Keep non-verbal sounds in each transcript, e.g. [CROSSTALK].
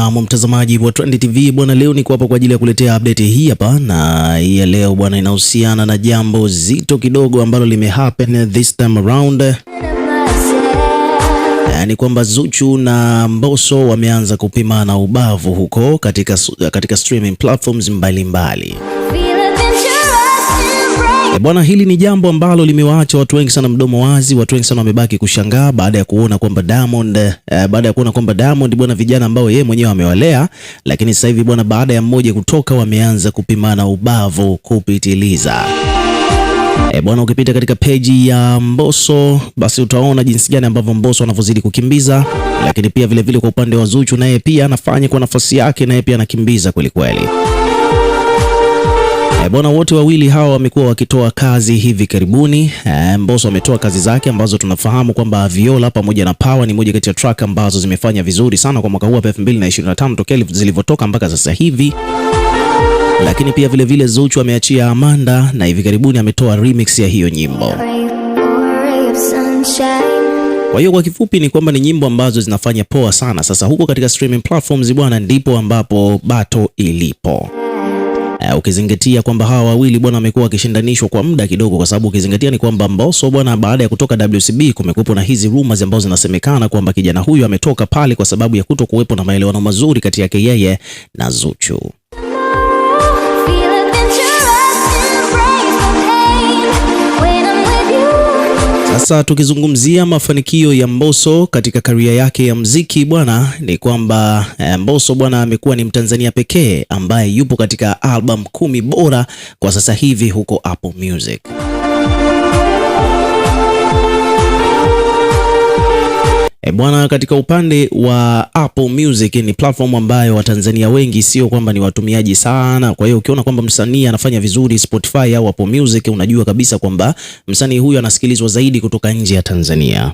Naam, mtazamaji wa Trend TV bwana, leo niko hapa kwa ajili ya kuletea update hii hapa, na hii ya leo bwana inahusiana na jambo zito kidogo ambalo limehappen this time around. Ni yaani kwamba Zuchu na Mbosso wameanza kupimana ubavu huko katika, katika streaming platforms mbalimbali mbali. Bwana, hili ni jambo ambalo limewaacha watu wengi sana mdomo wazi. Watu wengi sana wamebaki kushangaa baada ya kuona kwamba Diamond eh, baada ya kuona kwamba Diamond bwana, vijana ambao yeye mwenyewe amewalea, lakini sasa hivi bwana, baada ya mmoja kutoka, wameanza kupimana ubavu kupitiliza. E, bwana ukipita katika peji ya Mbosso basi utaona jinsi gani ambavyo Mbosso anavyozidi kukimbiza, lakini pia vilevile kwa upande wa Zuchu naye pia anafanya kwa nafasi yake, naye pia anakimbiza kwelikweli. E, eh, bwana wote wawili hawa wamekuwa wakitoa kazi hivi karibuni. E, Mbosso ametoa kazi zake ambazo tunafahamu kwamba Viola pamoja na Power ni moja kati ya track ambazo zimefanya vizuri sana kwa mwaka huu wa 2025 tokea zilivyotoka mpaka sasa hivi lakini pia vilevile vile Zuchu ameachia Amanda na hivi karibuni ametoa remix ya hiyo nyimbo. Kwa hiyo kwa kifupi ni kwamba ni nyimbo ambazo zinafanya poa sana sasa huko katika streaming platforms bwana, ndipo ambapo bato ilipo. Uh, ukizingatia kwamba hawa wawili bwana wamekuwa wakishindanishwa kwa muda kidogo, kwa sababu ukizingatia ni kwamba Mbosso bwana, baada ya kutoka WCB kumekuwepo na hizi rumors ambazo zinasemekana kwamba kijana huyu ametoka pale kwa sababu ya kuto kuwepo na maelewano mazuri kati yake yeye na Zuchu. Sasa tukizungumzia mafanikio ya Mbosso katika karia yake ya mziki bwana, ni kwamba eh, Mbosso bwana amekuwa ni Mtanzania pekee ambaye yupo katika album kumi bora kwa sasa hivi huko Apple Music. E bwana, katika upande wa Apple Music ni platform ambayo Watanzania wengi sio kwamba ni watumiaji sana. Kwa hiyo ukiona kwamba msanii anafanya vizuri Spotify au Apple Music, unajua kabisa kwamba msanii huyu anasikilizwa zaidi kutoka nje ya Tanzania.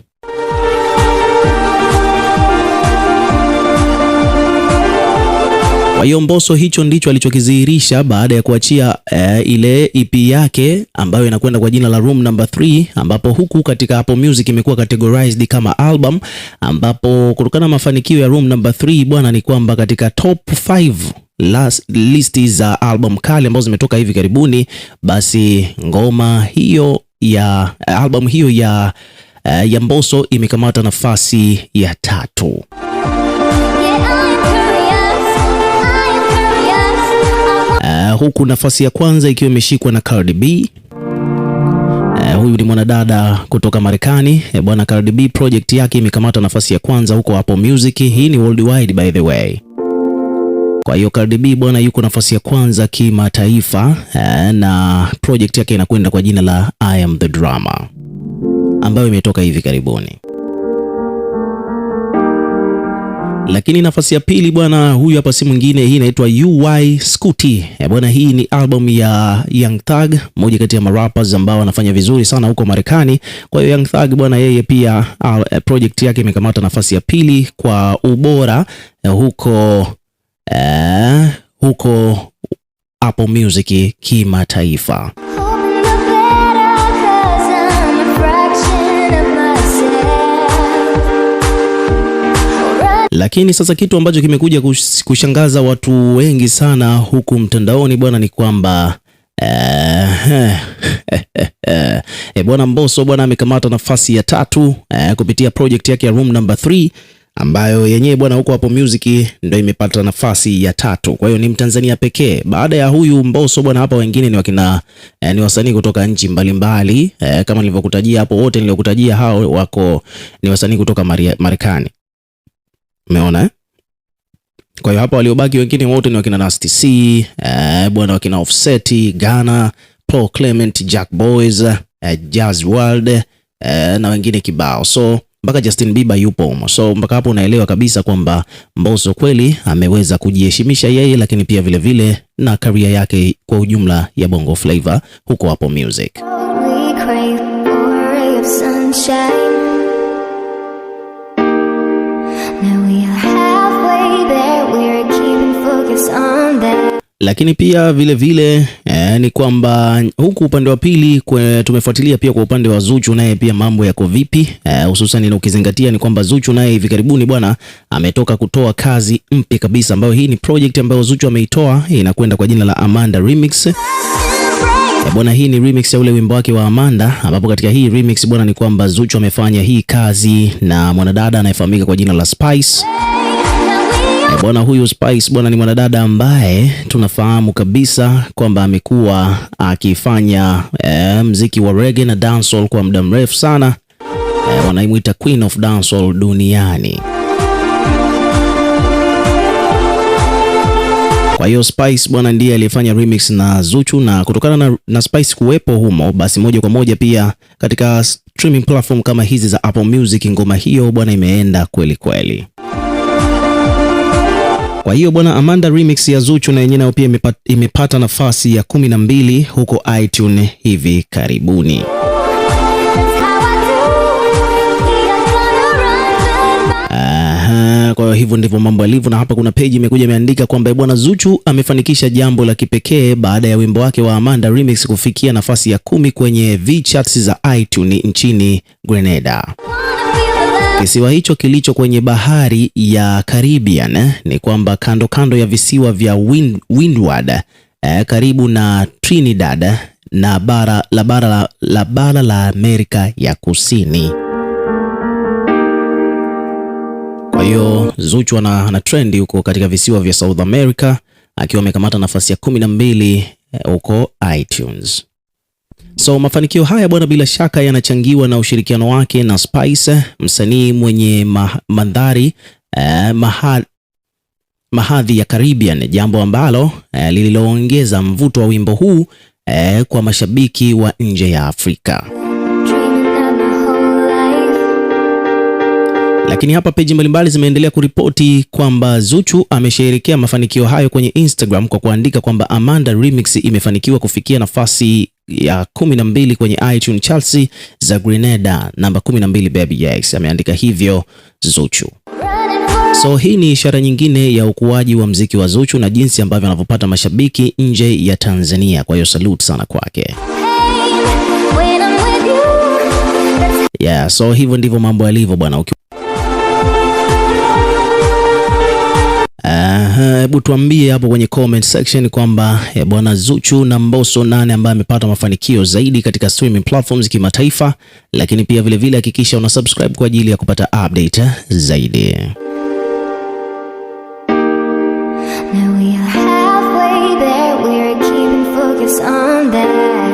hiyo Mbosso hicho ndicho alichokidhihirisha baada ya kuachia eh, ile EP yake ambayo inakwenda kwa jina la Room Number 3, ambapo huku katika Apple Music imekuwa categorized kama album, ambapo kutokana na mafanikio ya Room Number 3 bwana, ni kwamba katika top 5 last listi za album kali ambazo zimetoka hivi karibuni, basi ngoma hiyo ya album hiyo ya eh, ya Mbosso imekamata nafasi ya tatu. huku nafasi ya kwanza ikiwa imeshikwa na Cardi B. Uh, huyu ni mwanadada kutoka Marekani eh, bwana. Cardi B project yake imekamata nafasi ya kwanza huko Apple Music. Hii ni worldwide by the way. Kwa hiyo Cardi B bwana yuko nafasi ya kwanza kimataifa, uh, na project yake inakwenda kwa jina la I am the drama ambayo imetoka hivi karibuni. Lakini nafasi ya pili bwana, huyu hapa si mwingine, hii inaitwa UY Scooty e, bwana. Hii ni album ya Young Thug, mmoja kati ya marappers ambao wanafanya vizuri sana huko Marekani. Kwa hiyo Young Thug bwana, yeye pia project yake imekamata nafasi ya pili kwa ubora e, huko eh, huko Apple Music kimataifa. Lakini sasa kitu ambacho kimekuja kushangaza watu wengi sana huku mtandaoni bwana ni kwamba e, [LAUGHS] bwana Mbosso bwana amekamata nafasi ya tatu e, kupitia project yake ya Room Number 3 ambayo yenyewe bwana huko hapo music ndio imepata nafasi ya tatu. Kwa hiyo ni Mtanzania pekee baada ya huyu Mbosso bwana, hapa wengine ni wakina eh, ni wasanii kutoka nchi mbalimbali eh, kama nilivyokutajia hapo, wote niliokutajia hao wako ni wasanii kutoka Marekani. Umeona eh? Kwa hiyo hapa waliobaki wengine wote ni wakina Nasty C, eh, bwana wakina Offset, Ghana, Paul Clement, Jack Boys, eh, Jazz World eh, na wengine kibao. So mpaka Justin Bieber yupo humo. So mpaka hapo unaelewa kabisa kwamba Mbosso kweli ameweza kujiheshimisha yeye, lakini pia vile vile na karia yake kwa ujumla ya Bongo Flava huko hapo music. lakini pia vile vile eh, ni kwamba huku upande wa pili tumefuatilia pia kwa upande wa Zuchu, naye pia mambo yako vipi, eh, hususan eh, ukizingatia ni kwamba Zuchu naye hivi karibuni bwana ametoka kutoa kazi mpya kabisa, ambayo hii ni project ambayo Zuchu ameitoa inakwenda kwa jina la Amanda Remix. Eh, bwana, hii ni remix ya ule wimbo wake wa Amanda, ambapo katika hii remix bwana, ni kwamba Zuchu amefanya hii kazi na mwanadada anayefahamika kwa jina la Spice Bwana huyu Spice bwana ni mwanadada ambaye tunafahamu kabisa kwamba amekuwa akifanya e, mziki wa reggae na dancehall kwa muda mrefu sana e, wanaimwita Queen of Dancehall duniani. Kwa hiyo Spice bwana ndiye aliyefanya remix na Zuchu na kutokana na, na Spice kuwepo humo, basi moja kwa moja pia katika streaming platform kama hizi za Apple Music, ngoma hiyo bwana imeenda kweli kweli. Kwa hiyo bwana, Amanda remix ya Zuchu na yenyewe nayo pia imepata nafasi ya kumi na mbili huko iTunes hivi karibuni. Aha, kwa hivyo ndivyo mambo yalivyo, na hapa kuna peji imekuja imeandika kwamba bwana Zuchu amefanikisha jambo la kipekee baada ya wimbo wake wa Amanda remix kufikia nafasi ya kumi kwenye V charts za iTunes nchini Grenada. Kisiwa hicho kilicho kwenye bahari ya Caribbean eh, ni kwamba kando kando ya visiwa vya Wind, Windward eh, karibu na Trinidad eh, na bara la bara la, la bara la Amerika ya Kusini. Kwa hiyo Zuchu ana, ana trendi huko katika visiwa vya South America akiwa amekamata nafasi ya kumi na mbili eh, huko iTunes. So mafanikio haya bwana, bila shaka yanachangiwa na ushirikiano wake na Spice, msanii mwenye ma mandhari eh, maha mahadhi ya Caribbean, jambo ambalo eh, lililoongeza mvuto wa wimbo huu eh, kwa mashabiki wa nje ya Afrika. Lakini hapa peji mbalimbali zimeendelea kuripoti kwamba Zuchu amesherehekea mafanikio hayo kwenye Instagram kwa kuandika kwamba Amanda Remix imefanikiwa kufikia nafasi ya kumi na mbili kwenye iTunes Chelsea za Grenada namba 12 Baby X ameandika hivyo Zuchu. So hii ni ishara nyingine ya ukuaji wa mziki wa Zuchu na jinsi ambavyo anavyopata mashabiki nje ya Tanzania. Kwa hiyo salute sana kwake. Hey, yeah, so hivyo ndivyo mambo yalivyo bwana. Hebu uh, tuambie hapo kwenye comment section kwamba eh, bwana Zuchu na Mbosso nane ambaye amepata mafanikio zaidi katika streaming platforms kimataifa, lakini pia vilevile hakikisha vile una subscribe kwa ajili ya kupata update zaidi. Now we are halfway there, we are keeping focus on that.